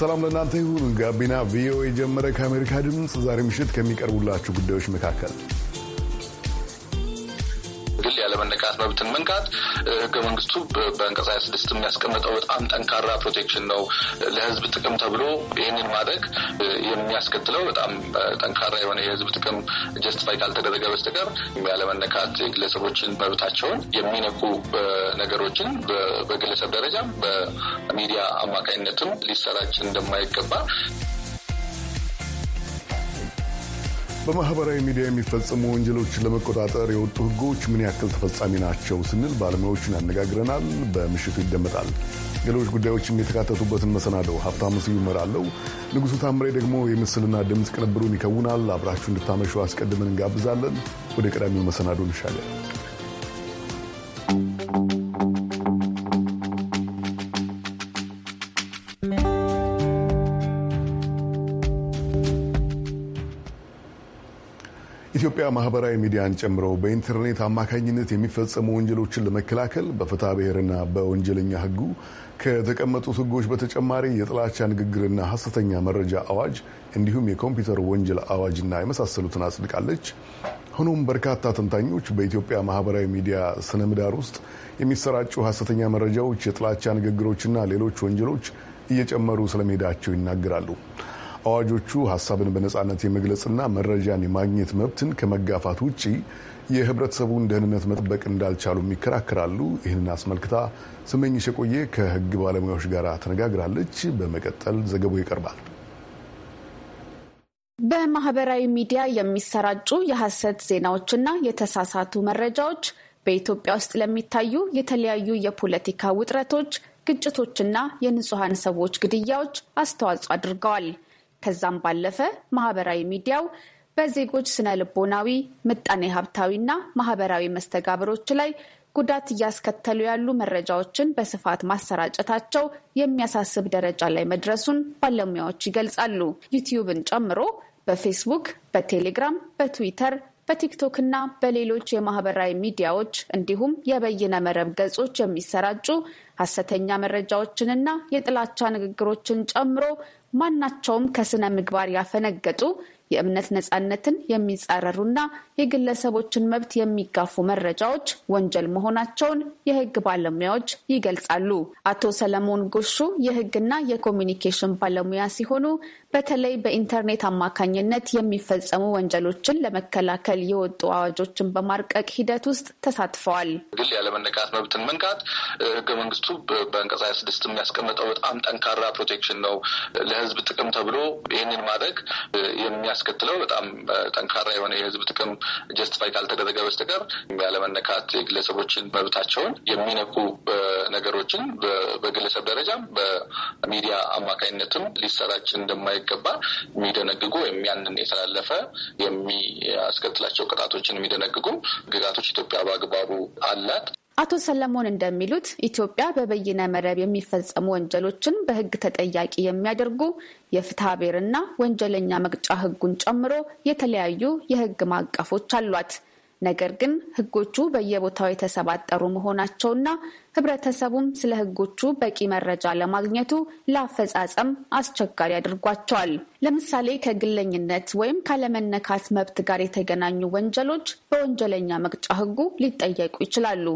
ሰላም ለእናንተ ይሁን። ጋቢና ቪኦኤ የጀመረ ከአሜሪካ ድምፅ ዛሬ ምሽት ከሚቀርቡላችሁ ጉዳዮች መካከል ግል ያለመነካት መብትን መንካት ህገ መንግስቱ በአንቀጽ 26 የሚያስቀምጠው በጣም ጠንካራ ፕሮቴክሽን ነው። ለህዝብ ጥቅም ተብሎ ይህንን ማድረግ የሚያስከትለው በጣም ጠንካራ የሆነ የህዝብ ጥቅም ጀስቲፋይ ካልተደረገ በስተቀር ያለመነካት የግለሰቦችን መብታቸውን የሚነኩ ነገሮችን በግለሰብ ደረጃም በሚዲያ አማካኝነትም ሊሰራጭ እንደማይገባ በማህበራዊ ሚዲያ የሚፈጸሙ ወንጀሎችን ለመቆጣጠር የወጡ ህጎች ምን ያክል ተፈጻሚ ናቸው ስንል ባለሙያዎችን ያነጋግረናል። በምሽቱ ይደመጣል። ሌሎች ጉዳዮችም የተካተቱበትን መሰናደው ሀብታሙ ስዩም እመራለሁ። ንጉሱ ታምሬ ደግሞ የምስልና ድምፅ ቅንብሩን ይከውናል። አብራችሁ እንድታመሹ አስቀድመን እንጋብዛለን። ወደ ቀዳሚው መሰናዶ እንሻገር። ማህበራዊ ሚዲያን ጨምሮ በኢንተርኔት አማካኝነት የሚፈጸሙ ወንጀሎችን ለመከላከል በፍትሐ ብሔርና በወንጀለኛ ህጉ ከተቀመጡት ህጎች በተጨማሪ የጥላቻ ንግግርና ሀሰተኛ መረጃ አዋጅ እንዲሁም የኮምፒውተር ወንጀል አዋጅና የመሳሰሉትን አጽድቃለች። ሆኖም በርካታ ተንታኞች በኢትዮጵያ ማህበራዊ ሚዲያ ስነ ምህዳር ውስጥ የሚሰራጩ ሀሰተኛ መረጃዎች፣ የጥላቻ ንግግሮችና ሌሎች ወንጀሎች እየጨመሩ ስለመሄዳቸው ይናገራሉ። አዋጆቹ ሀሳብን በነጻነት የመግለጽና መረጃን የማግኘት መብትን ከመጋፋት ውጪ የህብረተሰቡን ደህንነት መጠበቅ እንዳልቻሉም ይከራከራሉ። ይህንን አስመልክታ ስመኝሽ የቆየ ከህግ ባለሙያዎች ጋር ተነጋግራለች። በመቀጠል ዘገባው ይቀርባል። በማህበራዊ ሚዲያ የሚሰራጩ የሐሰት ዜናዎችና የተሳሳቱ መረጃዎች በኢትዮጵያ ውስጥ ለሚታዩ የተለያዩ የፖለቲካ ውጥረቶች፣ ግጭቶችና የንጹሐን ሰዎች ግድያዎች አስተዋጽኦ አድርገዋል። ከዛም ባለፈ ማህበራዊ ሚዲያው በዜጎች ስነ ልቦናዊ፣ ምጣኔ ሀብታዊና ማህበራዊ መስተጋብሮች ላይ ጉዳት እያስከተሉ ያሉ መረጃዎችን በስፋት ማሰራጨታቸው የሚያሳስብ ደረጃ ላይ መድረሱን ባለሙያዎች ይገልጻሉ። ዩቲዩብን ጨምሮ በፌስቡክ፣ በቴሌግራም፣ በትዊተር በቲክቶክ እና በሌሎች የማህበራዊ ሚዲያዎች እንዲሁም የበይነ መረብ ገጾች የሚሰራጩ ሐሰተኛ መረጃዎችንና የጥላቻ ንግግሮችን ጨምሮ ማናቸውም ከስነ ምግባር ያፈነገጡ የእምነት ነጻነትን የሚጻረሩና የግለሰቦችን መብት የሚጋፉ መረጃዎች ወንጀል መሆናቸውን የሕግ ባለሙያዎች ይገልጻሉ። አቶ ሰለሞን ጎሹ የሕግና የኮሚኒኬሽን ባለሙያ ሲሆኑ በተለይ በኢንተርኔት አማካኝነት የሚፈጸሙ ወንጀሎችን ለመከላከል የወጡ አዋጆችን በማርቀቅ ሂደት ውስጥ ተሳትፈዋል። ግል ያለመነካት መብትን መንካት ሕገ መንግስቱ በአንቀጽ ሀያ ስድስት የሚያስቀምጠው በጣም ጠንካራ ፕሮቴክሽን ነው። ለህዝብ ጥቅም ተብሎ ይህንን ማድረግ የሚያስከትለው በጣም ጠንካራ የሆነ የህዝብ ጥቅም ጀስቲፋይ ካልተደረገ በስተቀር ያለመነካት የግለሰቦችን መብታቸውን የሚነኩ ነገሮችን በግለሰብ ደረጃም በሚዲያ አማካኝነትም ሊሰራጭ እንደማይገባ የሚደነግጉ ወይም ያንን የተላለፈ የሚያስከትላቸው ቅጣቶችን የሚደነግጉ ግጋቶች ኢትዮጵያ በአግባቡ አላት። አቶ ሰለሞን እንደሚሉት ኢትዮጵያ በበይነ መረብ የሚፈጸሙ ወንጀሎችን በሕግ ተጠያቂ የሚያደርጉ የፍትሐ ብሔርና ወንጀለኛ መቅጫ ሕጉን ጨምሮ የተለያዩ የሕግ ማዕቀፎች አሏት። ነገር ግን ሕጎቹ በየቦታው የተሰባጠሩ መሆናቸውና ሕብረተሰቡም ስለ ሕጎቹ በቂ መረጃ ለማግኘቱ ለአፈጻጸም አስቸጋሪ አድርጓቸዋል። ለምሳሌ ከግለኝነት ወይም ካለመነካት መብት ጋር የተገናኙ ወንጀሎች በወንጀለኛ መቅጫ ሕጉ ሊጠየቁ ይችላሉ።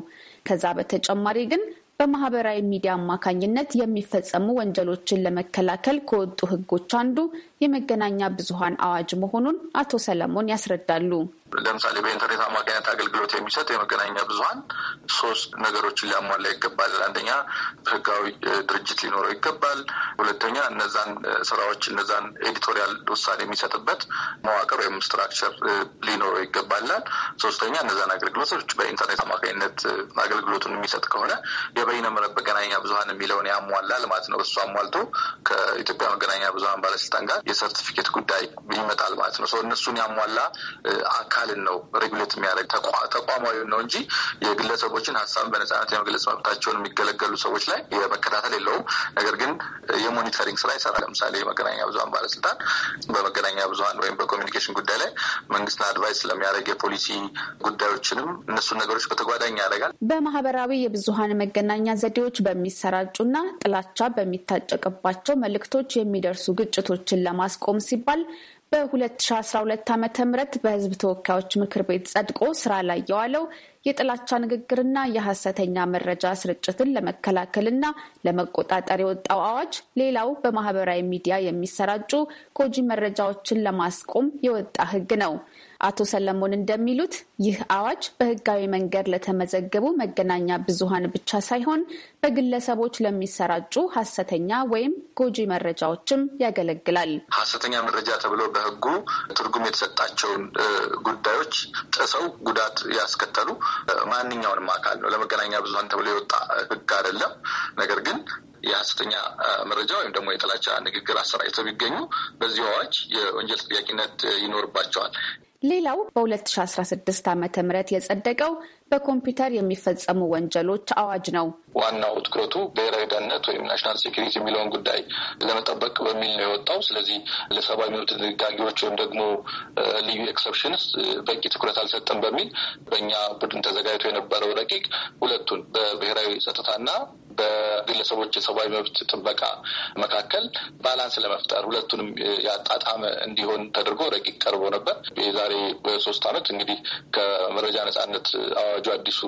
ከዛ በተጨማሪ ግን በማህበራዊ ሚዲያ አማካኝነት የሚፈጸሙ ወንጀሎችን ለመከላከል ከወጡ ህጎች አንዱ የመገናኛ ብዙሀን አዋጅ መሆኑን አቶ ሰለሞን ያስረዳሉ። ለምሳሌ በኢንተርኔት አማካኝነት አገልግሎት የሚሰጥ የመገናኛ ብዙኃን ሶስት ነገሮችን ሊያሟላ ይገባል። አንደኛ ህጋዊ ድርጅት ሊኖረው ይገባል። ሁለተኛ እነዛን ስራዎች እነዛን ኤዲቶሪያል ውሳኔ የሚሰጥበት መዋቅር ወይም ስትራክቸር ሊኖረው ይገባላል። ሶስተኛ እነዛን አገልግሎቶች በኢንተርኔት አማካኝነት አገልግሎቱን የሚሰጥ ከሆነ የበይነ መረብ መገናኛ ብዙኃን የሚለውን ያሟላል ማለት ነው። እሱ አሟልቶ ከኢትዮጵያ መገናኛ ብዙኃን ባለስልጣን ጋር የሰርቲፊኬት ጉዳይ ይመጣል ማለት ነው። እነሱን ያሟላ አካልን ነው ሬጉሌት የሚያደርግ ተቋማዊ ነው እንጂ የግለሰቦችን ሀሳብን በነጻነት የመግለጽ መብታቸውን የሚገለገሉ ሰዎች ላይ የመከታተል የለውም። ነገር ግን የሞኒተሪንግ ስራ ይሰራል። ለምሳሌ የመገናኛ ብዙሀን ባለስልጣን በመገናኛ ብዙሀን ወይም በኮሚኒኬሽን ጉዳይ ላይ መንግስትን አድቫይስ ስለሚያደርግ የፖሊሲ ጉዳዮችንም እነሱን ነገሮች በተጓዳኝ ያደርጋል። በማህበራዊ የብዙሀን መገናኛ ዘዴዎች በሚሰራጩና ጥላቻ በሚታጨቅባቸው መልእክቶች የሚደርሱ ግጭቶችን ለማስቆም ሲባል በ2012 ዓ ም በህዝብ ተወካዮች ምክር ቤት ጸድቆ ስራ ላይ የዋለው የጥላቻ ንግግርና የሐሰተኛ መረጃ ስርጭትን ለመከላከልና ለመቆጣጠር የወጣው አዋጅ ሌላው በማህበራዊ ሚዲያ የሚሰራጩ ጎጂ መረጃዎችን ለማስቆም የወጣ ህግ ነው። አቶ ሰለሞን እንደሚሉት ይህ አዋጅ በህጋዊ መንገድ ለተመዘገቡ መገናኛ ብዙሃን ብቻ ሳይሆን በግለሰቦች ለሚሰራጩ ሀሰተኛ ወይም ጎጂ መረጃዎችም ያገለግላል። ሀሰተኛ መረጃ ተብሎ በህጉ ትርጉም የተሰጣቸውን ጉዳዮች ጥሰው ጉዳት ያስከተሉ ማንኛውንም አካል ነው። ለመገናኛ ብዙሀን ተብሎ የወጣ ህግ አይደለም። ነገር ግን የሐሰተኛ መረጃ ወይም ደግሞ የጥላቻ ንግግር አሰራጭተው ቢገኙ በዚህ አዋጅ የወንጀል ተጠያቂነት ይኖርባቸዋል። ሌላው በ2016 ዓ ም የጸደቀው በኮምፒውተር የሚፈጸሙ ወንጀሎች አዋጅ ነው። ዋናው ትኩረቱ ብሔራዊ ደህንነት ወይም ናሽናል ሴኩሪቲ የሚለውን ጉዳይ ለመጠበቅ በሚል ነው የወጣው። ስለዚህ ለሰብአዊ መብት ድንጋጌዎች ወይም ደግሞ ልዩ ኤክሰፕሽንስ በቂ ትኩረት አልሰጠም በሚል በእኛ ቡድን ተዘጋጅቶ የነበረው ረቂቅ ሁለቱን በብሔራዊ ጸጥታና በግለሰቦች የሰብአዊ መብት ጥበቃ መካከል ባላንስ ለመፍጠር ሁለቱንም ያጣጣመ እንዲሆን ተደርጎ ረቂቅ ቀርቦ ነበር። የዛሬ ሶስት ዓመት እንግዲህ ከመረጃ ነጻነት አዋጁ አዋጁ አዲሱ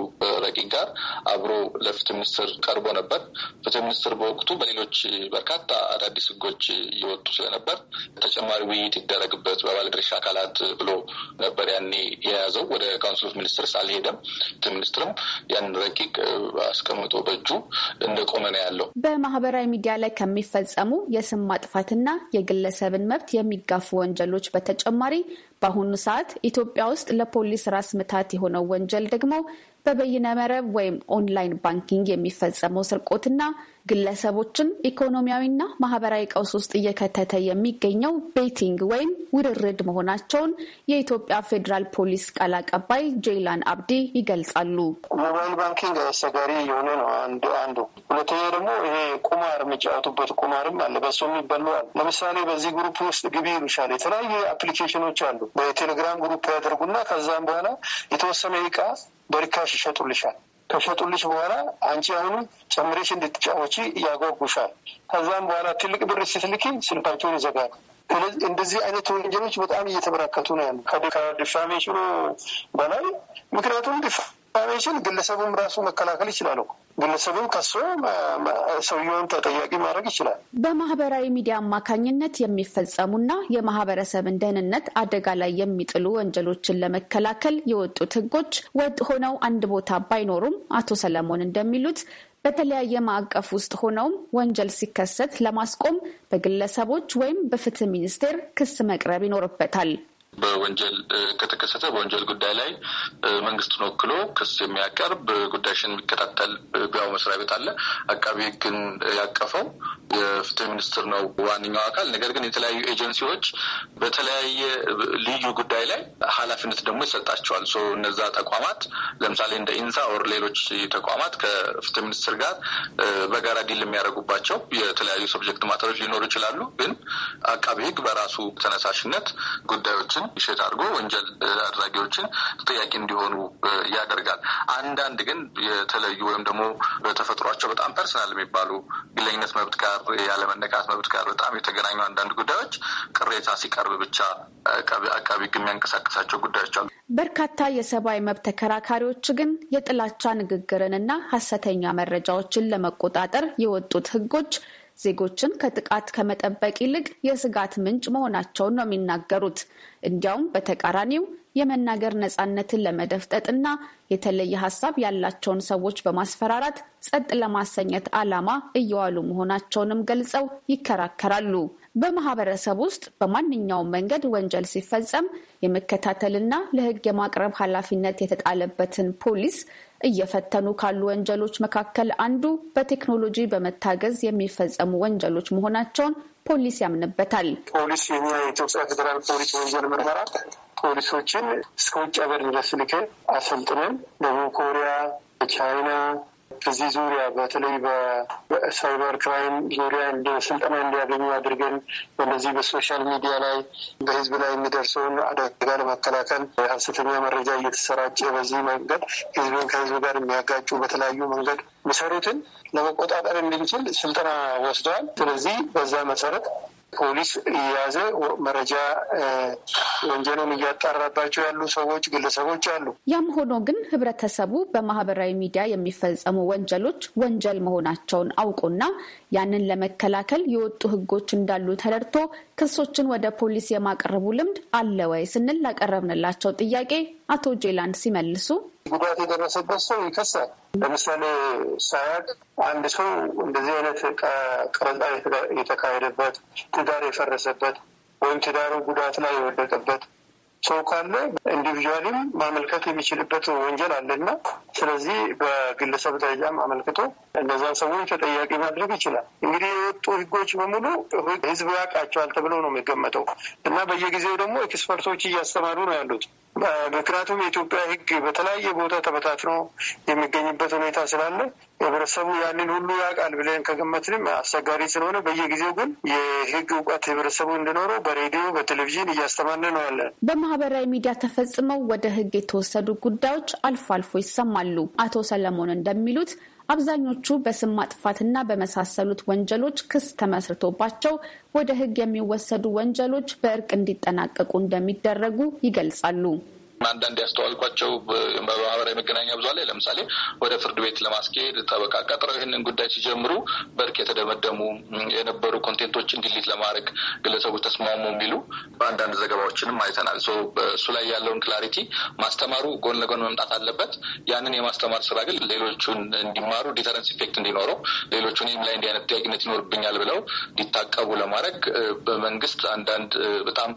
ረቂቅ ጋር አብሮ ለፍትህ ሚኒስትር ቀርቦ ነበር። ፍትህ ሚኒስትር በወቅቱ በሌሎች በርካታ አዳዲስ ህጎች እየወጡ ስለነበር ተጨማሪ ውይይት ይደረግበት በባለድርሻ አካላት ብሎ ነበር ያኔ የያዘው። ወደ ካውንስል ኦፍ ሚኒስትርስ አልሄደም። ፍትህ ሚኒስትርም ያን ረቂቅ አስቀምጦ በእጁ እንደቆመ ነው ያለው። በማህበራዊ ሚዲያ ላይ ከሚፈጸሙ የስም ማጥፋትና የግለሰብን መብት የሚጋፉ ወንጀሎች በተጨማሪ በአሁኑ ሰዓት ኢትዮጵያ ውስጥ ለፖሊስ ራስ ምታት የሆነው ወንጀል ደግሞ በበይነ መረብ ወይም ኦንላይን ባንኪንግ የሚፈጸመው ስርቆትና ግለሰቦችን ኢኮኖሚያዊና ማህበራዊ ቀውስ ውስጥ እየከተተ የሚገኘው ቤቲንግ ወይም ውርርድ መሆናቸውን የኢትዮጵያ ፌዴራል ፖሊስ ቃል አቀባይ ጄይላን አብዲ ይገልጻሉ። ሞባይል ባንኪንግ አሰጋሪ የሆነ ነው አንዱ አንዱ። ሁለተኛ ደግሞ ይሄ ቁማር የሚጫወቱበት ቁማርም አለ፣ በሱ የሚበሉ አሉ። ለምሳሌ በዚህ ግሩፕ ውስጥ ግቢ ይሉሻል። የተለያዩ አፕሊኬሽኖች አሉ። በቴሌግራም ግሩፕ ያደርጉና ከዛም በኋላ የተወሰነ ይቃ በርካሽ ይሸጡልሻል። ከሸጡልሽ በኋላ አንቺ አሁንም ጨምሬሽ እንድትጫወቺ ያጓጉሻል። ከዛም በኋላ ትልቅ ብር ስትልኪ ስልካቸውን ይዘጋሉ። እንደዚህ አይነት ወንጀሎች በጣም እየተበራከቱ ነው ያሉ ከድፋሜ ሽሮ በላይ ምክንያቱም ድፋ ኢንፎርሜሽን ግለሰቡም ራሱ መከላከል ይችላል። ግለሰቡም ከሶ ሰውየውን ተጠያቂ ማድረግ ይችላል። በማህበራዊ ሚዲያ አማካኝነት የሚፈጸሙና የማህበረሰብን ደህንነት አደጋ ላይ የሚጥሉ ወንጀሎችን ለመከላከል የወጡት ህጎች ወጥ ሆነው አንድ ቦታ ባይኖሩም አቶ ሰለሞን እንደሚሉት በተለያየ ማዕቀፍ ውስጥ ሆነውም ወንጀል ሲከሰት ለማስቆም በግለሰቦች ወይም በፍትህ ሚኒስቴር ክስ መቅረብ ይኖርበታል። በወንጀል ከተከሰተ በወንጀል ጉዳይ ላይ መንግስትን ወክሎ ክስ የሚያቀርብ ጉዳይሽን የሚከታተል ቢያው መስሪያ ቤት አለ። አቃቢ ህግን ያቀፈው የፍትህ ሚኒስትር ነው ዋነኛው አካል። ነገር ግን የተለያዩ ኤጀንሲዎች በተለያየ ልዩ ጉዳይ ላይ ኃላፊነት ደግሞ ይሰጣቸዋል። እነዛ ተቋማት ለምሳሌ እንደ ኢንሳ ኦር ሌሎች ተቋማት ከፍትህ ሚኒስትር ጋር በጋራ ዲል የሚያደርጉባቸው የተለያዩ ሰብጀክት ማተሮች ሊኖሩ ይችላሉ። ግን አቃቢ ህግ በራሱ ተነሳሽነት ጉዳዮችን ይሸጥ አድርጎ ወንጀል አድራጊዎችን ተጠያቂ እንዲሆኑ ያደርጋል። አንዳንድ ግን የተለዩ ወይም ደግሞ በተፈጥሯቸው በጣም ፐርሰናል የሚባሉ ግለኝነት መብት ጋር ያለመነካት መብት ጋር በጣም የተገናኙ አንዳንድ ጉዳዮች ቅሬታ ሲቀርብ ብቻ አቃቢ ሕግ የሚያንቀሳቀሳቸው ጉዳዮች አሉ። በርካታ የሰብአዊ መብት ተከራካሪዎች ግን የጥላቻ ንግግርንና ሀሰተኛ መረጃዎችን ለመቆጣጠር የወጡት ሕጎች ዜጎችን ከጥቃት ከመጠበቅ ይልቅ የስጋት ምንጭ መሆናቸውን ነው የሚናገሩት። እንዲያውም በተቃራኒው የመናገር ነፃነትን ለመደፍጠጥና የተለየ ሀሳብ ያላቸውን ሰዎች በማስፈራራት ጸጥ ለማሰኘት ዓላማ እየዋሉ መሆናቸውንም ገልጸው ይከራከራሉ። በማህበረሰብ ውስጥ በማንኛውም መንገድ ወንጀል ሲፈጸም የመከታተልና ለሕግ የማቅረብ ኃላፊነት የተጣለበትን ፖሊስ እየፈተኑ ካሉ ወንጀሎች መካከል አንዱ በቴክኖሎጂ በመታገዝ የሚፈጸሙ ወንጀሎች መሆናቸውን ፖሊስ ያምንበታል። ፖሊስ የኛ የኢትዮጵያ ፌዴራል ፖሊስ ወንጀል ምርመራ ፖሊሶችን እስከ ውጭ ሀገር ድረስ ልከን አሰልጥነን ደቡብ ኮሪያ፣ ቻይና እዚህ ዙሪያ በተለይ በሳይበር ክራይም ዙሪያ ስልጠና እንዲያገኙ አድርገን በነዚህ በሶሻል ሚዲያ ላይ በህዝብ ላይ የሚደርሰውን አደጋ ለመከላከል ሀሰተኛ መረጃ እየተሰራጨ በዚህ መንገድ ህዝብን ከህዝብ ጋር የሚያጋጩ በተለያዩ መንገድ የሚሰሩትን ለመቆጣጠር እንድንችል ስልጠና ወስደዋል። ስለዚህ በዛ መሰረት ፖሊስ እየያዘ መረጃ ወንጀልን እያጣራባቸው ያሉ ሰዎች፣ ግለሰቦች አሉ። ያም ሆኖ ግን ህብረተሰቡ በማህበራዊ ሚዲያ የሚፈጸሙ ወንጀሎች ወንጀል መሆናቸውን አውቁና ያንን ለመከላከል የወጡ ህጎች እንዳሉ ተረድቶ ክሶችን ወደ ፖሊስ የማቀረቡ ልምድ አለ ወይ ስንል ላቀረብንላቸው ጥያቄ አቶ ጄላንድ ሲመልሱ ጉዳት የደረሰበት ሰው ይከሳል። ለምሳሌ ሳያቅ አንድ ሰው እንደዚህ አይነት ቅረጻ የተካሄደበት፣ ትዳር የፈረሰበት ወይም ትዳሩ ጉዳት ላይ የወደቀበት ሰው ካለ ኢንዲቪዥዋሊም ማመልከት የሚችልበት ወንጀል አለና ስለዚህ በግለሰብ ደረጃም አመልክቶ እነዛን ሰዎች ተጠያቂ ማድረግ ይችላል። እንግዲህ የወጡ ህጎች በሙሉ ህዝብ ያውቃቸዋል ተብሎ ነው የሚገመተው እና በየጊዜው ደግሞ ኤክስፐርቶች እያስተማሩ ነው ያሉት። ምክንያቱም የኢትዮጵያ ህግ በተለያየ ቦታ ተበታትኖ የሚገኝበት ሁኔታ ስላለ ህብረተሰቡ ያንን ሁሉ ያውቃል ብለን ከገመትንም አስቸጋሪ ስለሆነ በየጊዜው ግን የህግ እውቀት ህብረተሰቡ እንዲኖረው በሬዲዮ በቴሌቪዥን እያስተማነ ነው ያለን። በማህበራዊ ሚዲያ ተፈጽመው ወደ ህግ የተወሰዱ ጉዳዮች አልፎ አልፎ ይሰማሉ። አቶ ሰለሞን እንደሚሉት አብዛኞቹ በስም ማጥፋትና በመሳሰሉት ወንጀሎች ክስ ተመስርቶባቸው ወደ ሕግ የሚወሰዱ ወንጀሎች በእርቅ እንዲጠናቀቁ እንደሚደረጉ ይገልጻሉ። አንዳንድ ያስተዋልኳቸው በማህበራዊ መገናኛ ብዙ ላይ ለምሳሌ ወደ ፍርድ ቤት ለማስኬድ ጠበቃ ቀጥረው ይህንን ጉዳይ ሲጀምሩ በእርቅ የተደመደሙ የነበሩ ኮንቴንቶችን ዲሊት ለማድረግ ግለሰቦች ተስማሙ የሚሉ በአንዳንድ ዘገባዎችንም አይተናል። እሱ ላይ ያለውን ክላሪቲ ማስተማሩ ጎን ለጎን መምጣት አለበት። ያንን የማስተማር ስራ ግን ሌሎቹን እንዲማሩ ዲተረንስ ኢፌክት እንዲኖረው ሌሎቹን ይህም ላይ እንዲህ አይነት ጥያቄነት ይኖርብኛል ብለው እንዲታቀቡ ለማድረግ በመንግስት አንዳንድ በጣም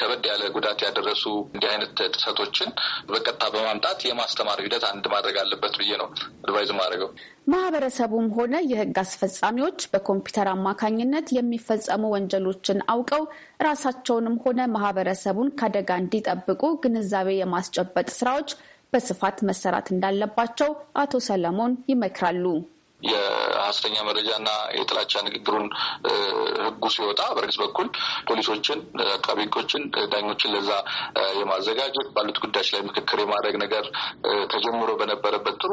ከበድ ያለ ጉዳት ያደረሱ እንዲህ አይነት እውቀቶችን በቀጥታ በማምጣት የማስተማር ሂደት አንድ ማድረግ አለበት ብዬ ነው አድቫይዝ ማድረገው። ማህበረሰቡም ሆነ የህግ አስፈጻሚዎች በኮምፒውተር አማካኝነት የሚፈጸሙ ወንጀሎችን አውቀው ራሳቸውንም ሆነ ማህበረሰቡን ከአደጋ እንዲጠብቁ ግንዛቤ የማስጨበጥ ስራዎች በስፋት መሰራት እንዳለባቸው አቶ ሰለሞን ይመክራሉ። የሀሰተኛ መረጃና የጥላቻ ንግግሩን ህጉ ሲወጣ በርግስ በኩል ፖሊሶችን፣ አቃቤ ህጎችን፣ ዳኞችን ለዛ የማዘጋጀት ባሉት ጉዳዮች ላይ ምክክር የማድረግ ነገር ተጀምሮ በነበረበት ጥሩ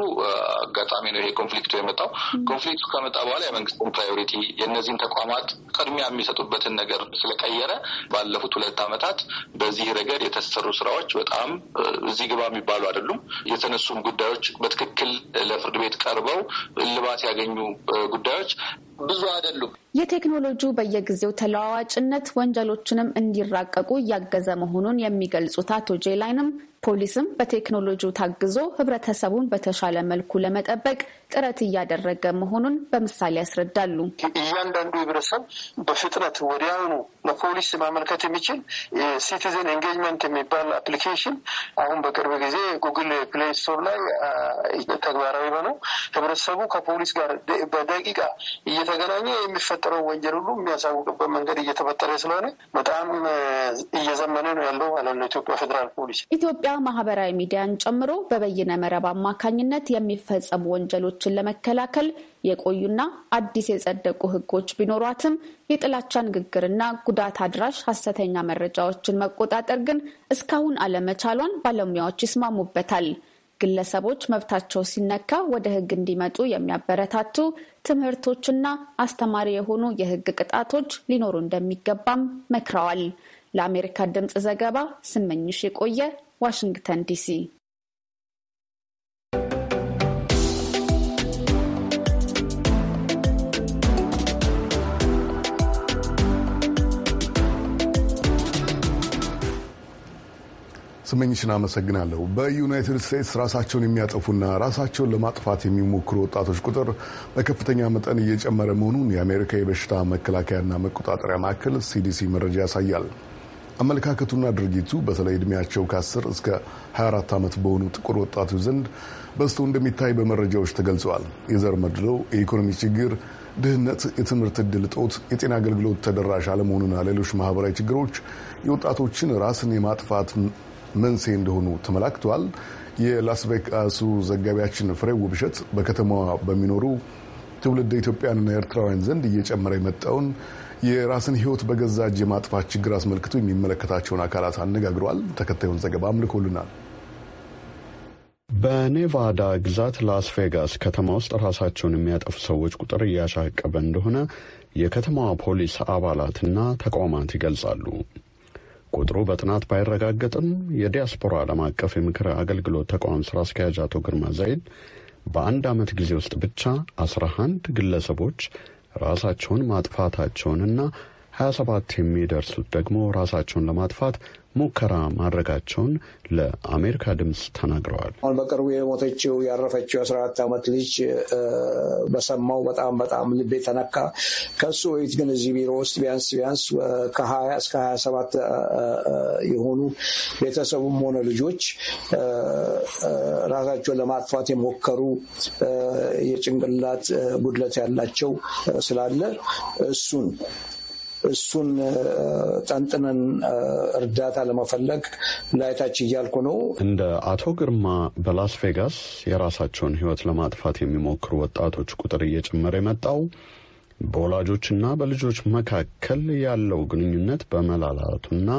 አጋጣሚ ነው ይሄ ኮንፍሊክቱ የመጣው። ኮንፍሊክቱ ከመጣ በኋላ የመንግስትን ፕራዮሪቲ የእነዚህን ተቋማት ቅድሚያ የሚሰጡበትን ነገር ስለቀየረ ባለፉት ሁለት ዓመታት በዚህ ረገድ የተሰሩ ስራዎች በጣም እዚህ ግባ የሚባሉ አይደሉም። የተነሱም ጉዳዮች በትክክል ለፍርድ ቤት ቀርበው ልባ እልባት ያገኙ ጉዳዮች ብዙ አይደሉም። የቴክኖሎጂው በየጊዜው ተለዋዋጭነት ወንጀሎችንም እንዲራቀቁ እያገዘ መሆኑን የሚገልጹት አቶ ጄላይንም ፖሊስም በቴክኖሎጂው ታግዞ ህብረተሰቡን በተሻለ መልኩ ለመጠበቅ ጥረት እያደረገ መሆኑን በምሳሌ ያስረዳሉ። እያንዳንዱ ህብረተሰብ በፍጥነት ወዲያውኑ ለፖሊስ ማመልከት የሚችል ሲቲዝን ኤንጌጅመንት የሚባል አፕሊኬሽን አሁን በቅርብ ጊዜ ጉግል ፕሌይ ስቶር ላይ ተግባራዊ ሆነው ህብረተሰቡ ከፖሊስ ጋር በደቂቃ እየተገናኘ የሚፈጠረው ወንጀል ሁሉ የሚያሳውቅበት መንገድ እየተፈጠረ ስለሆነ በጣም እየዘመነ ነው ያለው ማለት ነው ኢትዮጵያ ፌዴራል ፖሊስ። ኢትዮጵያ ማህበራዊ ሚዲያን ጨምሮ በበይነ መረብ አማካኝነት የሚፈጸሙ ወንጀሎችን ለመከላከል የቆዩና አዲስ የጸደቁ ሕጎች ቢኖሯትም የጥላቻ ንግግርና ጉዳት አድራሽ ሀሰተኛ መረጃዎችን መቆጣጠር ግን እስካሁን አለመቻሏን ባለሙያዎች ይስማሙበታል። ግለሰቦች መብታቸው ሲነካ ወደ ህግ እንዲመጡ የሚያበረታቱ ትምህርቶችና አስተማሪ የሆኑ የህግ ቅጣቶች ሊኖሩ እንደሚገባም መክረዋል። ለአሜሪካ ድምፅ ዘገባ ስመኝሽ የቆየ ዋሽንግተን ዲሲ። ስመኝሽን አመሰግናለሁ። በዩናይትድ ስቴትስ ራሳቸውን የሚያጠፉና ራሳቸውን ለማጥፋት የሚሞክሩ ወጣቶች ቁጥር በከፍተኛ መጠን እየጨመረ መሆኑን የአሜሪካ የበሽታ መከላከያና መቆጣጠሪያ ማዕከል ሲዲሲ መረጃ ያሳያል። አመለካከቱና ድርጊቱ በተለይ ዕድሜያቸው ከ10 እስከ 24 ዓመት በሆኑ ጥቁር ወጣቶች ዘንድ በዝቶ እንደሚታይ በመረጃዎች ተገልጸዋል። የዘር መድሎ፣ የኢኮኖሚ ችግር፣ ድህነት፣ የትምህርት ዕድል እጦት፣ የጤና አገልግሎት ተደራሽ አለመሆኑና ሌሎች ማህበራዊ ችግሮች የወጣቶችን ራስን የማጥፋት መንስኤ እንደሆኑ ተመላክተዋል። የላስቬጋሱ ዘጋቢያችን ፍሬ ውብሸት በከተማዋ በሚኖሩ ትውልድ ኢትዮጵያንና ኤርትራውያን ዘንድ እየጨመረ የመጣውን የራስን ሕይወት በገዛ እጅ የማጥፋት ችግር አስመልክቶ የሚመለከታቸውን አካላት አነጋግረዋል። ተከታዩን ዘገባ አምልኮልናል። በኔቫዳ ግዛት ላስ ቬጋስ ከተማ ውስጥ ራሳቸውን የሚያጠፉ ሰዎች ቁጥር እያሻቀበ እንደሆነ የከተማዋ ፖሊስ አባላትና ተቋማት ይገልጻሉ። ቁጥሩ በጥናት ባይረጋገጥም የዲያስፖራ ዓለም አቀፍ የምክር አገልግሎት ተቋም ስራ አስኪያጅ አቶ ግርማ ዘይድ በአንድ ዓመት ጊዜ ውስጥ ብቻ 11 ግለሰቦች ራሳቸውን ማጥፋታቸውንና 27 የሚደርሱት ደግሞ ራሳቸውን ለማጥፋት ሙከራ ማድረጋቸውን ለአሜሪካ ድምፅ ተናግረዋል። አሁን በቅርቡ የሞተችው ያረፈችው የአስራ አራት ዓመት ልጅ በሰማው በጣም በጣም ልቤ ተነካ። ከሱ ወይት ግን እዚህ ቢሮ ውስጥ ቢያንስ ቢያንስ ከሀያ እስከ ሀያ ሰባት የሆኑ ቤተሰቡም ሆነ ልጆች ራሳቸውን ለማጥፋት የሞከሩ የጭንቅላት ጉድለት ያላቸው ስላለ እሱን እሱን ጠንጥነን እርዳታ ለመፈለግ ላይታች እያልኩ ነው። እንደ አቶ ግርማ በላስ ቬጋስ የራሳቸውን ሕይወት ለማጥፋት የሚሞክሩ ወጣቶች ቁጥር እየጨመረ የመጣው በወላጆችና በልጆች መካከል ያለው ግንኙነት በመላላቱና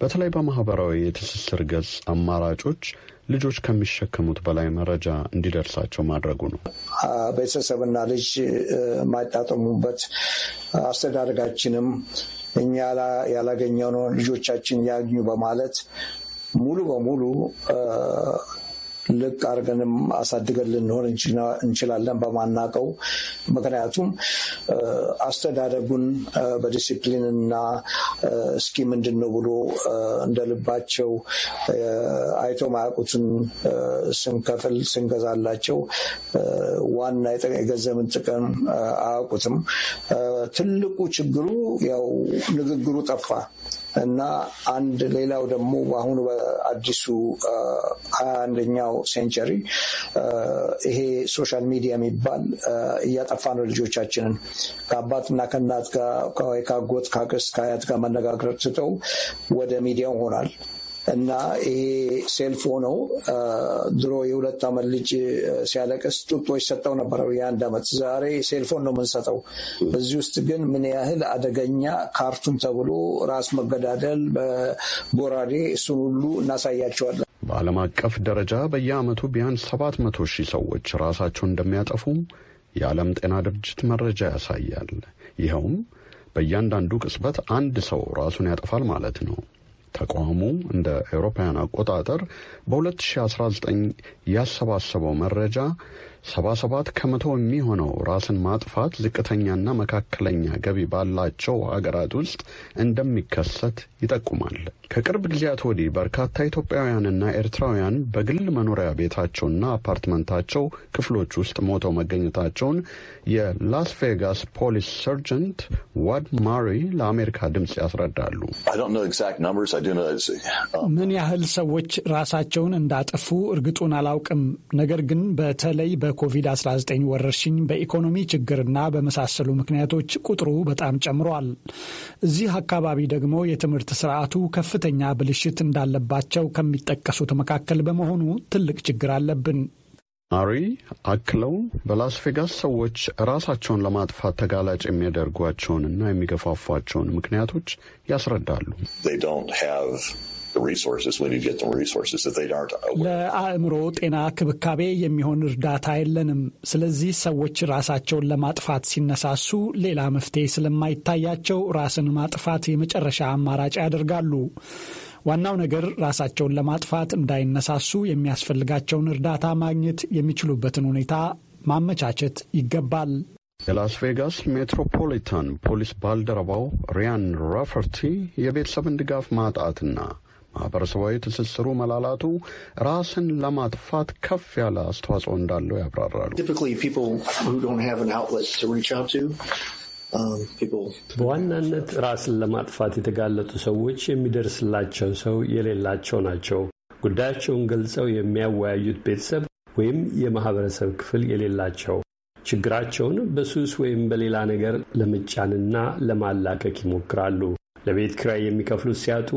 በተለይ በማህበራዊ የትስስር ገጽ አማራጮች ልጆች ከሚሸከሙት በላይ መረጃ እንዲደርሳቸው ማድረጉ ነው። ቤተሰብና ልጅ የማይጣጠሙበት አስተዳደጋችንም እኛ ያላገኘነው ልጆቻችን ያግኙ በማለት ሙሉ በሙሉ ልቅ አድርገንም አሳድገን ልንሆን እንችላለን በማናቀው። ምክንያቱም አስተዳደጉን በዲሲፕሊን እና እስኪ ምንድን ነው ብሎ እንደልባቸው አይቶ ማያውቁትን ስንከፍል ስንገዛላቸው ዋና የገንዘብን ጥቅም አያውቁትም። ትልቁ ችግሩ ያው ንግግሩ ጠፋ። እና አንድ ሌላው ደግሞ በአሁኑ በአዲሱ ሀያ አንደኛው ሴንቸሪ ይሄ ሶሻል ሚዲያ የሚባል እያጠፋ ነው ልጆቻችንን ከአባትና ከእናት ከአጎት ከአክስት ከአያት ጋር መነጋገር ትተው ወደ ሚዲያው ሆናል። እና ይሄ ሴልፍ ሆነው ድሮ የሁለት ዓመት ልጅ ሲያለቅስ ጡጦች ሰጠው ነበረው የአንድ ዓመት ዛሬ ሴልፎን ነው የምንሰጠው። በዚህ ውስጥ ግን ምን ያህል አደገኛ ካርቱን ተብሎ ራስ መገዳደል በጎራዴ እሱን ሁሉ እናሳያቸዋለን። በዓለም አቀፍ ደረጃ በየዓመቱ ቢያንስ ሰባት መቶ ሺህ ሰዎች ራሳቸውን እንደሚያጠፉ የዓለም ጤና ድርጅት መረጃ ያሳያል። ይኸውም በእያንዳንዱ ቅጽበት አንድ ሰው ራሱን ያጠፋል ማለት ነው። ተቋሙ እንደ አውሮፓውያን አቆጣጠር በ2019 ያሰባሰበው መረጃ 77 ከመቶ የሚሆነው ራስን ማጥፋት ዝቅተኛና መካከለኛ ገቢ ባላቸው ሀገራት ውስጥ እንደሚከሰት ይጠቁማል። ከቅርብ ጊዜያት ወዲህ በርካታ ኢትዮጵያውያንና ኤርትራውያን በግል መኖሪያ ቤታቸውና አፓርትመንታቸው ክፍሎች ውስጥ ሞተው መገኘታቸውን የላስ ቬጋስ ፖሊስ ሰርጀንት ዋድ ማሪ ለአሜሪካ ድምፅ ያስረዳሉ። ምን ያህል ሰዎች ራሳቸውን እንዳጠፉ እርግጡን አላውቅም። ነገር ግን በተለይ በኮቪድ-19 ወረርሽኝ በኢኮኖሚ ችግርና በመሳሰሉ ምክንያቶች ቁጥሩ በጣም ጨምሯል። እዚህ አካባቢ ደግሞ የትምህርት ስርዓቱ ከፍተኛ ብልሽት እንዳለባቸው ከሚጠቀሱት መካከል በመሆኑ ትልቅ ችግር አለብን። አሪ አክለው በላስ ቬጋስ ሰዎች ራሳቸውን ለማጥፋት ተጋላጭ የሚያደርጓቸውንና የሚገፋፏቸውን ምክንያቶች ያስረዳሉ። ለአእምሮ ጤና ክብካቤ የሚሆን እርዳታ የለንም። ስለዚህ ሰዎች ራሳቸውን ለማጥፋት ሲነሳሱ ሌላ መፍትሄ ስለማይታያቸው ራስን ማጥፋት የመጨረሻ አማራጭ ያደርጋሉ። ዋናው ነገር ራሳቸውን ለማጥፋት እንዳይነሳሱ የሚያስፈልጋቸውን እርዳታ ማግኘት የሚችሉበትን ሁኔታ ማመቻቸት ይገባል። የላስ ቬጋስ ሜትሮፖሊታን ፖሊስ ባልደረባው ሪያን ራፈርቲ የቤተሰብን ድጋፍ ማጣትና ማህበረሰባዊ ትስስሩ መላላቱ ራስን ለማጥፋት ከፍ ያለ አስተዋጽኦ እንዳለው ያብራራሉ። Um, በዋናነት ራስን ለማጥፋት የተጋለጡ ሰዎች የሚደርስላቸው ሰው የሌላቸው ናቸው። ጉዳያቸውን ገልጸው የሚያወያዩት ቤተሰብ ወይም የማህበረሰብ ክፍል የሌላቸው ችግራቸውን በሱስ ወይም በሌላ ነገር ለመጫንና ለማላከክ ይሞክራሉ። ለቤት ክራይ የሚከፍሉት ሲያጡ፣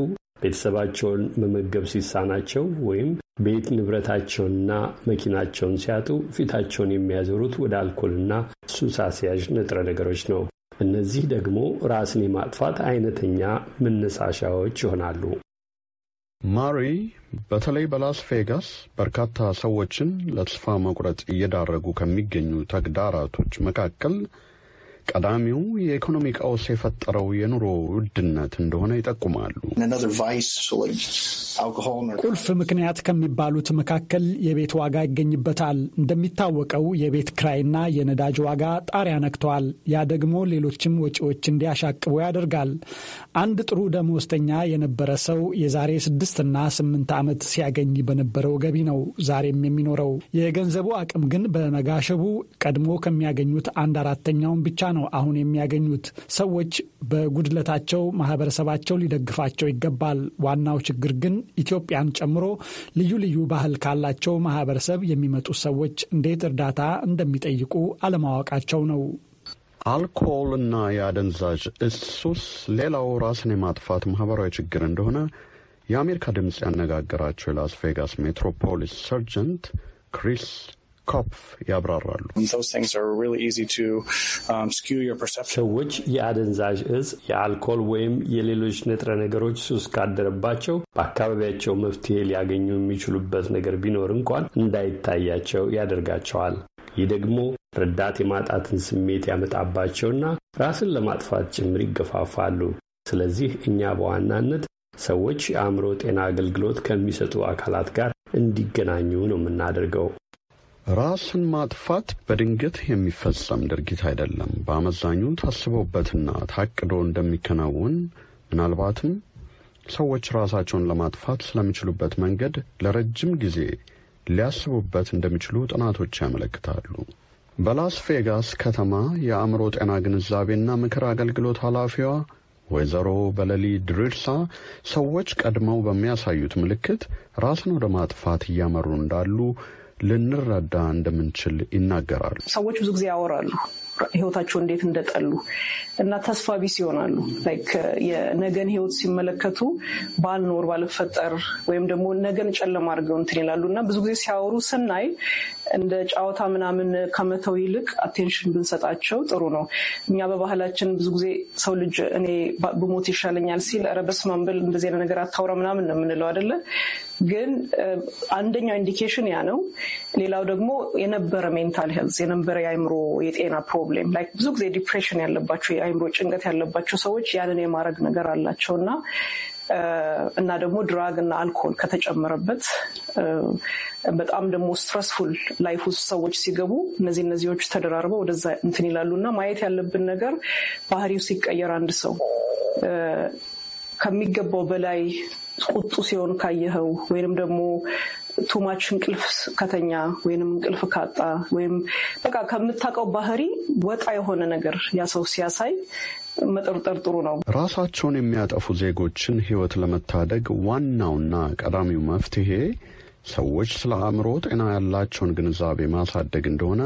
ቤተሰባቸውን መመገብ ሲሳናቸው ወይም ቤት ንብረታቸውንና መኪናቸውን ሲያጡ ፊታቸውን የሚያዞሩት ወደ አልኮልና ሱስ አስያዥ ንጥረ ነገሮች ነው። እነዚህ ደግሞ ራስን የማጥፋት አይነተኛ መነሳሻዎች ይሆናሉ። ማሪ በተለይ በላስ ቬጋስ በርካታ ሰዎችን ለተስፋ መቁረጥ እየዳረጉ ከሚገኙ ተግዳራቶች መካከል ቀዳሚው የኢኮኖሚ ቀውስ የፈጠረው የኑሮ ውድነት እንደሆነ ይጠቁማሉ። ቁልፍ ምክንያት ከሚባሉት መካከል የቤት ዋጋ ይገኝበታል። እንደሚታወቀው የቤት ክራይና የነዳጅ ዋጋ ጣሪያ ነክተዋል። ያ ደግሞ ሌሎችም ወጪዎች እንዲያሻቅቡ ያደርጋል። አንድ ጥሩ ደመወዝተኛ የነበረ ሰው የዛሬ ስድስትና ስምንት ዓመት ሲያገኝ በነበረው ገቢ ነው ዛሬም የሚኖረው። የገንዘቡ አቅም ግን በመጋሸቡ ቀድሞ ከሚያገኙት አንድ አራተኛውን ብቻ ነው አሁን የሚያገኙት። ሰዎች በጉድለታቸው ማህበረሰባቸው ሊደግፋቸው ይገባል። ዋናው ችግር ግን ኢትዮጵያን ጨምሮ ልዩ ልዩ ባህል ካላቸው ማህበረሰብ የሚመጡ ሰዎች እንዴት እርዳታ እንደሚጠይቁ አለማወቃቸው ነው። አልኮል እና የአደንዛዥ እሱስ ሌላው ራስን የማጥፋት ማህበራዊ ችግር እንደሆነ የአሜሪካ ድምፅ ያነጋገራቸው የላስ ቬጋስ ሜትሮፖሊስ ሰርጀንት ክሪስ ኮፕፍ ያብራራሉ። um, ሰዎች የአደንዛዥ እጽ፣ የአልኮል ወይም የሌሎች ንጥረ ነገሮች ሱስ ካደረባቸው በአካባቢያቸው መፍትሄ ሊያገኙ የሚችሉበት ነገር ቢኖር እንኳን እንዳይታያቸው ያደርጋቸዋል። ይህ ደግሞ ረዳት የማጣትን ስሜት ያመጣባቸውና ራስን ለማጥፋት ጭምር ይገፋፋሉ። ስለዚህ እኛ በዋናነት ሰዎች የአእምሮ ጤና አገልግሎት ከሚሰጡ አካላት ጋር እንዲገናኙ ነው የምናደርገው። ራስን ማጥፋት በድንገት የሚፈጸም ድርጊት አይደለም። በአመዛኙ ታስቦበትና ታቅዶ እንደሚከናወን ምናልባትም ሰዎች ራሳቸውን ለማጥፋት ስለሚችሉበት መንገድ ለረጅም ጊዜ ሊያስቡበት እንደሚችሉ ጥናቶች ያመለክታሉ። በላስ ቬጋስ ከተማ የአእምሮ ጤና ግንዛቤና ምክር አገልግሎት ኃላፊዋ ወይዘሮ በለሊ ድርሳ ሰዎች ቀድመው በሚያሳዩት ምልክት ራስን ወደ ማጥፋት እያመሩ እንዳሉ ልንረዳ እንደምንችል ይናገራሉ። ሰዎች ብዙ ጊዜ ያወራሉ ህይወታቸው እንዴት እንደጠሉ እና ተስፋ ቢስ ይሆናሉ። የነገን ህይወት ሲመለከቱ ባልኖር ባልፈጠር ወይም ደግሞ ነገን ጨለማ አድርገው እንትን ይላሉ እና ብዙ ጊዜ ሲያወሩ ስናይ እንደ ጨዋታ ምናምን ከመተው ይልቅ አቴንሽን ብንሰጣቸው ጥሩ ነው። እኛ በባህላችን ብዙ ጊዜ ሰው ልጅ እኔ ብሞት ይሻለኛል ሲል ኧረ በስመ አብ እንደዚህ ነገር አታውራ ምናምን ነው የምንለው አይደለ? ግን አንደኛው ኢንዲኬሽን ያ ነው። ሌላው ደግሞ የነበረ ሜንታል ሄልዝ የነበረ የአይምሮ የጤና ፕሮብ ፕሮብሌም ላይ ብዙ ጊዜ ዲፕሬሽን ያለባቸው የአይምሮ ጭንቀት ያለባቸው ሰዎች ያንን የማድረግ ነገር አላቸው እና እና ደግሞ ድራግ እና አልኮል ከተጨመረበት በጣም ደግሞ ስትረስፉል ላይፍ ውስጥ ሰዎች ሲገቡ እነዚህ እነዚዎች ተደራርበው ወደዛ እንትን ይላሉ እና ማየት ያለብን ነገር ባህሪው ሲቀየር አንድ ሰው ከሚገባው በላይ ቁጡ ሲሆን ካየኸው ወይንም ደግሞ ቱማች እንቅልፍ ከተኛ ወይም እንቅልፍ ካጣ ወይም በቃ ከምታውቀው ባህሪ ወጣ የሆነ ነገር ያ ሰው ሲያሳይ መጠርጠር ጥሩ ነው። ራሳቸውን የሚያጠፉ ዜጎችን ህይወት ለመታደግ ዋናውና ቀዳሚው መፍትሄ ሰዎች ስለ አእምሮ ጤና ያላቸውን ግንዛቤ ማሳደግ እንደሆነ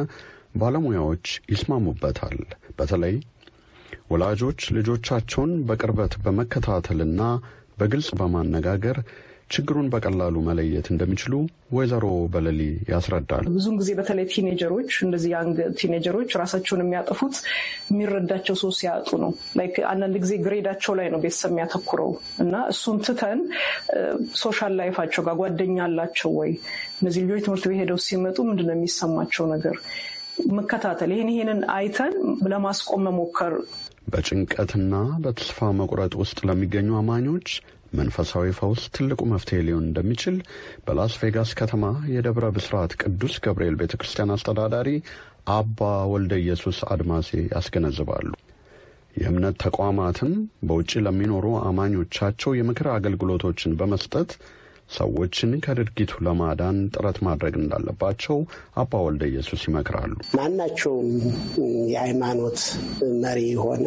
ባለሙያዎች ይስማሙበታል። በተለይ ወላጆች ልጆቻቸውን በቅርበት በመከታተልና በግልጽ በማነጋገር ችግሩን በቀላሉ መለየት እንደሚችሉ ወይዘሮ በለሊ ያስረዳል። ብዙን ጊዜ በተለይ ቲኔጀሮች እንደዚህ ያንግ ቲኔጀሮች ራሳቸውን የሚያጠፉት የሚረዳቸው ሰው ሲያጡ ነው። ላይክ አንዳንድ ጊዜ ግሬዳቸው ላይ ነው ቤተሰብ የሚያተኩረው እና እሱን ትተን ሶሻል ላይፋቸው ጋር ጓደኛ አላቸው ወይ፣ እነዚህ ልጆች ትምህርት ቤት ሄደው ሲመጡ ምንድነው የሚሰማቸው ነገር መከታተል፣ ይህን ይህንን አይተን ለማስቆም መሞከር በጭንቀትና በተስፋ መቁረጥ ውስጥ ለሚገኙ አማኞች መንፈሳዊ ፈውስ ትልቁ መፍትሄ ሊሆን እንደሚችል በላስ ቬጋስ ከተማ የደብረ ብስራት ቅዱስ ገብርኤል ቤተ ክርስቲያን አስተዳዳሪ አባ ወልደ ኢየሱስ አድማሴ ያስገነዝባሉ። የእምነት ተቋማትም በውጭ ለሚኖሩ አማኞቻቸው የምክር አገልግሎቶችን በመስጠት ሰዎችን ከድርጊቱ ለማዳን ጥረት ማድረግ እንዳለባቸው አባ ወልደ ኢየሱስ ይመክራሉ። ማናቸውም የሃይማኖት መሪ የሆነ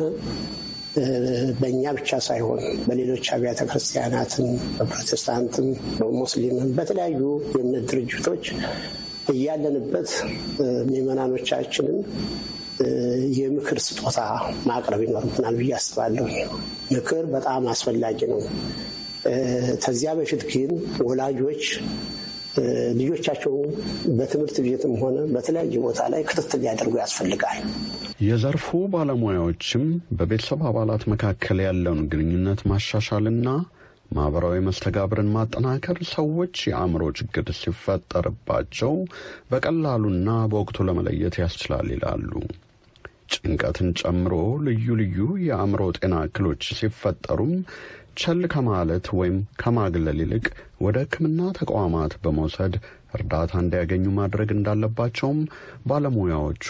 በእኛ ብቻ ሳይሆን በሌሎች አብያተ ክርስቲያናትም፣ በፕሮቴስታንትም፣ በሙስሊምም በተለያዩ የእምነት ድርጅቶች እያለንበት ምዕመናኖቻችንን የምክር ስጦታ ማቅረብ ይኖርብናል ብዬ አስባለሁ። ምክር በጣም አስፈላጊ ነው። ከዚያ በፊት ግን ወላጆች ልጆቻቸው በትምህርት ቤትም ሆነ በተለያየ ቦታ ላይ ክትትል ሊያደርጉ ያስፈልጋል። የዘርፉ ባለሙያዎችም በቤተሰብ አባላት መካከል ያለውን ግንኙነት ማሻሻልና ማህበራዊ መስተጋብርን ማጠናከር ሰዎች የአእምሮ ችግር ሲፈጠርባቸው በቀላሉና በወቅቱ ለመለየት ያስችላል ይላሉ። ጭንቀትን ጨምሮ ልዩ ልዩ የአእምሮ ጤና እክሎች ሲፈጠሩም ቸል ከማለት ወይም ከማግለል ይልቅ ወደ ሕክምና ተቋማት በመውሰድ እርዳታ እንዲያገኙ ማድረግ እንዳለባቸውም ባለሙያዎቹ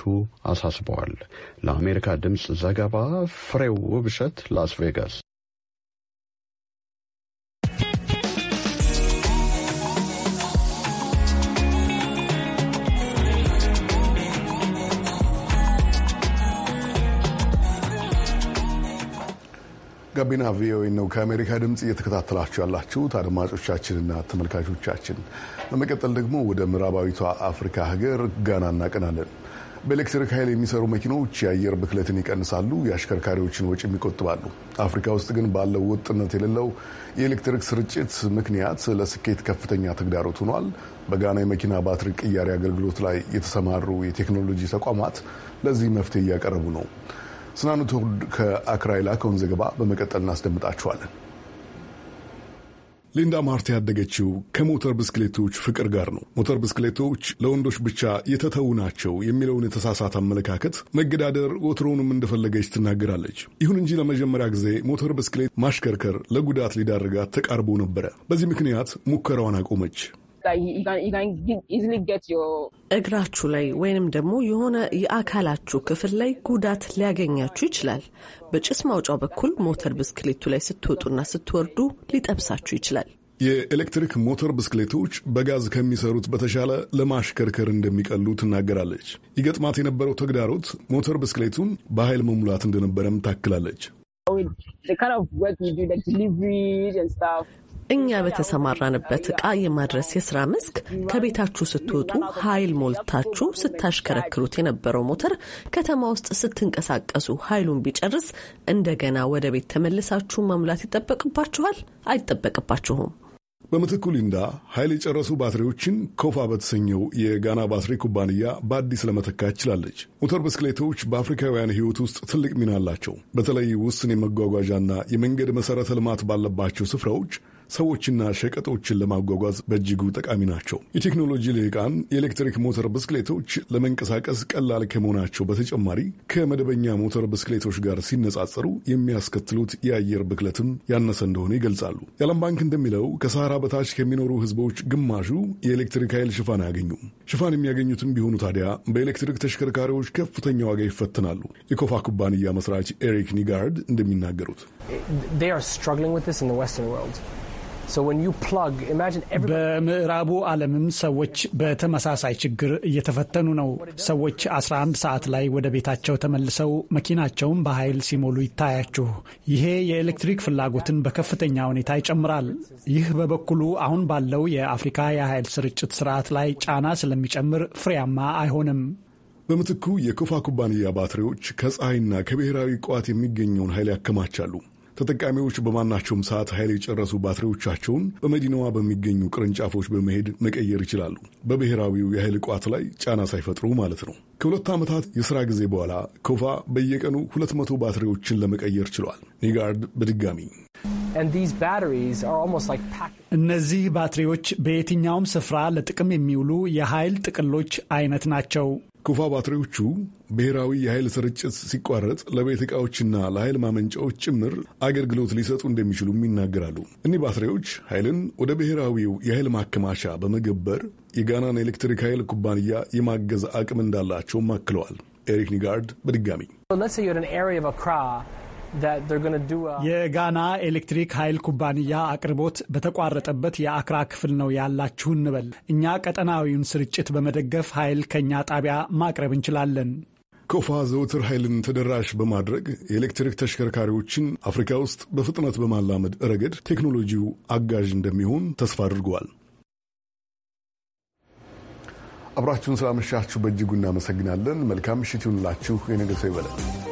አሳስበዋል። ለአሜሪካ ድምፅ ዘገባ ፍሬው ውብሸት ላስ ቬጋስ ጋቢና ቪኦኤ ነው ከአሜሪካ ድምፅ እየተከታተላችሁ ያላችሁት አድማጮቻችንና ተመልካቾቻችን። በመቀጠል ደግሞ ወደ ምዕራባዊቷ አፍሪካ ሀገር ጋና እናቀናለን። በኤሌክትሪክ ኃይል የሚሰሩ መኪኖች የአየር ብክለትን ይቀንሳሉ፣ የአሽከርካሪዎችን ወጪም ይቆጥባሉ። አፍሪካ ውስጥ ግን ባለው ወጥነት የሌለው የኤሌክትሪክ ስርጭት ምክንያት ለስኬት ከፍተኛ ተግዳሮት ሆኗል። በጋና የመኪና ባትሪ ቅያሬ አገልግሎት ላይ የተሰማሩ የቴክኖሎጂ ተቋማት ለዚህ መፍትሄ እያቀረቡ ነው። ስናኑ ትውልድ ከአክራ የላከውን ዘገባ በመቀጠል እናስደምጣችኋለን። ሊንዳ ማርት ያደገችው ከሞተር ብስክሌቶች ፍቅር ጋር ነው። ሞተር ብስክሌቶች ለወንዶች ብቻ የተተዉ ናቸው የሚለውን የተሳሳተ አመለካከት መገዳደር ወትሮውንም እንደፈለገች ትናገራለች። ይሁን እንጂ ለመጀመሪያ ጊዜ ሞተር ብስክሌት ማሽከርከር ለጉዳት ሊዳርጋት ተቃርቦ ነበረ። በዚህ ምክንያት ሙከራዋን አቆመች። እግራችሁ ላይ ወይንም ደግሞ የሆነ የአካላችሁ ክፍል ላይ ጉዳት ሊያገኛችሁ ይችላል። በጭስ ማውጫው በኩል ሞተር ብስክሌቱ ላይ ስትወጡና ስትወርዱ ሊጠብሳችሁ ይችላል። የኤሌክትሪክ ሞተር ብስክሌቶች በጋዝ ከሚሰሩት በተሻለ ለማሽከርከር እንደሚቀሉ ትናገራለች። ይገጥማት የነበረው ተግዳሮት ሞተር ብስክሌቱን በኃይል መሙላት እንደነበረም ታክላለች። እኛ በተሰማራንበት እቃ የማድረስ የስራ መስክ ከቤታችሁ ስትወጡ ኃይል ሞልታችሁ ስታሽከረክሩት የነበረው ሞተር ከተማ ውስጥ ስትንቀሳቀሱ ኃይሉን ቢጨርስ እንደገና ወደ ቤት ተመልሳችሁ መሙላት ይጠበቅባችኋል? አይጠበቅባችሁም። በምትኩ ሊንዳ ኃይል የጨረሱ ባትሪዎችን ኮፋ በተሰኘው የጋና ባትሪ ኩባንያ በአዲስ ለመተካት ችላለች። ሞተር ብስክሌቶች በአፍሪካውያን ሕይወት ውስጥ ትልቅ ሚና አላቸው። በተለይ ውስን የመጓጓዣና የመንገድ መሠረተ ልማት ባለባቸው ስፍራዎች ሰዎችና ሸቀጦችን ለማጓጓዝ በእጅጉ ጠቃሚ ናቸው። የቴክኖሎጂ ልሂቃን የኤሌክትሪክ ሞተር ብስክሌቶች ለመንቀሳቀስ ቀላል ከመሆናቸው በተጨማሪ ከመደበኛ ሞተር ብስክሌቶች ጋር ሲነጻጸሩ የሚያስከትሉት የአየር ብክለትም ያነሰ እንደሆነ ይገልጻሉ። የዓለም ባንክ እንደሚለው ከሰሃራ በታች ከሚኖሩ ህዝቦች ግማሹ የኤሌክትሪክ ኃይል ሽፋን አያገኙም። ሽፋን የሚያገኙትም ቢሆኑ ታዲያ በኤሌክትሪክ ተሽከርካሪዎች ከፍተኛ ዋጋ ይፈትናሉ። የኮፋ ኩባንያ መስራች ኤሪክ ኒጋርድ እንደሚናገሩት በምዕራቡ ዓለምም ሰዎች በተመሳሳይ ችግር እየተፈተኑ ነው። ሰዎች 11 ሰዓት ላይ ወደ ቤታቸው ተመልሰው መኪናቸውን በኃይል ሲሞሉ ይታያችሁ። ይሄ የኤሌክትሪክ ፍላጎትን በከፍተኛ ሁኔታ ይጨምራል። ይህ በበኩሉ አሁን ባለው የአፍሪካ የኃይል ስርጭት ስርዓት ላይ ጫና ስለሚጨምር ፍሬያማ አይሆንም። በምትኩ የኮፋ ኩባንያ ባትሪዎች ከፀሐይና ከብሔራዊ ቋት የሚገኘውን ኃይል ያከማቻሉ። ተጠቃሚዎች በማናቸውም ሰዓት ኃይል የጨረሱ ባትሪዎቻቸውን በመዲናዋ በሚገኙ ቅርንጫፎች በመሄድ መቀየር ይችላሉ። በብሔራዊው የኃይል ቋት ላይ ጫና ሳይፈጥሩ ማለት ነው። ከሁለት ዓመታት የሥራ ጊዜ በኋላ ኮፋ በየቀኑ 200 ባትሪዎችን ለመቀየር ችሏል። ኒጋርድ በድጋሚ እነዚህ ባትሪዎች በየትኛውም ስፍራ ለጥቅም የሚውሉ የኃይል ጥቅሎች አይነት ናቸው። ባትሪዎቹ ብሔራዊ የኃይል ስርጭት ሲቋረጥ ለቤት ዕቃዎችና ለኃይል ማመንጫዎች ጭምር አገልግሎት ሊሰጡ እንደሚችሉም ይናገራሉ። እኒህ ባትሪዎች ኃይልን ወደ ብሔራዊው የኃይል ማከማቻ በመገበር የጋናን ኤሌክትሪክ ኃይል ኩባንያ የማገዝ አቅም እንዳላቸውም አክለዋል። ኤሪክ ኒጋርድ በድጋሚ የጋና ኤሌክትሪክ ኃይል ኩባንያ አቅርቦት በተቋረጠበት የአክራ ክፍል ነው ያላችሁ እንበል። እኛ ቀጠናዊውን ስርጭት በመደገፍ ኃይል ከእኛ ጣቢያ ማቅረብ እንችላለን። ኮፋ ዘውትር ኃይልን ተደራሽ በማድረግ የኤሌክትሪክ ተሽከርካሪዎችን አፍሪካ ውስጥ በፍጥነት በማላመድ ረገድ ቴክኖሎጂው አጋዥ እንደሚሆን ተስፋ አድርገዋል። አብራችሁን ስላመሻችሁ በእጅጉ እናመሰግናለን። መልካም ምሽት ይሁንላችሁ። የነገ ሰው ይበለን።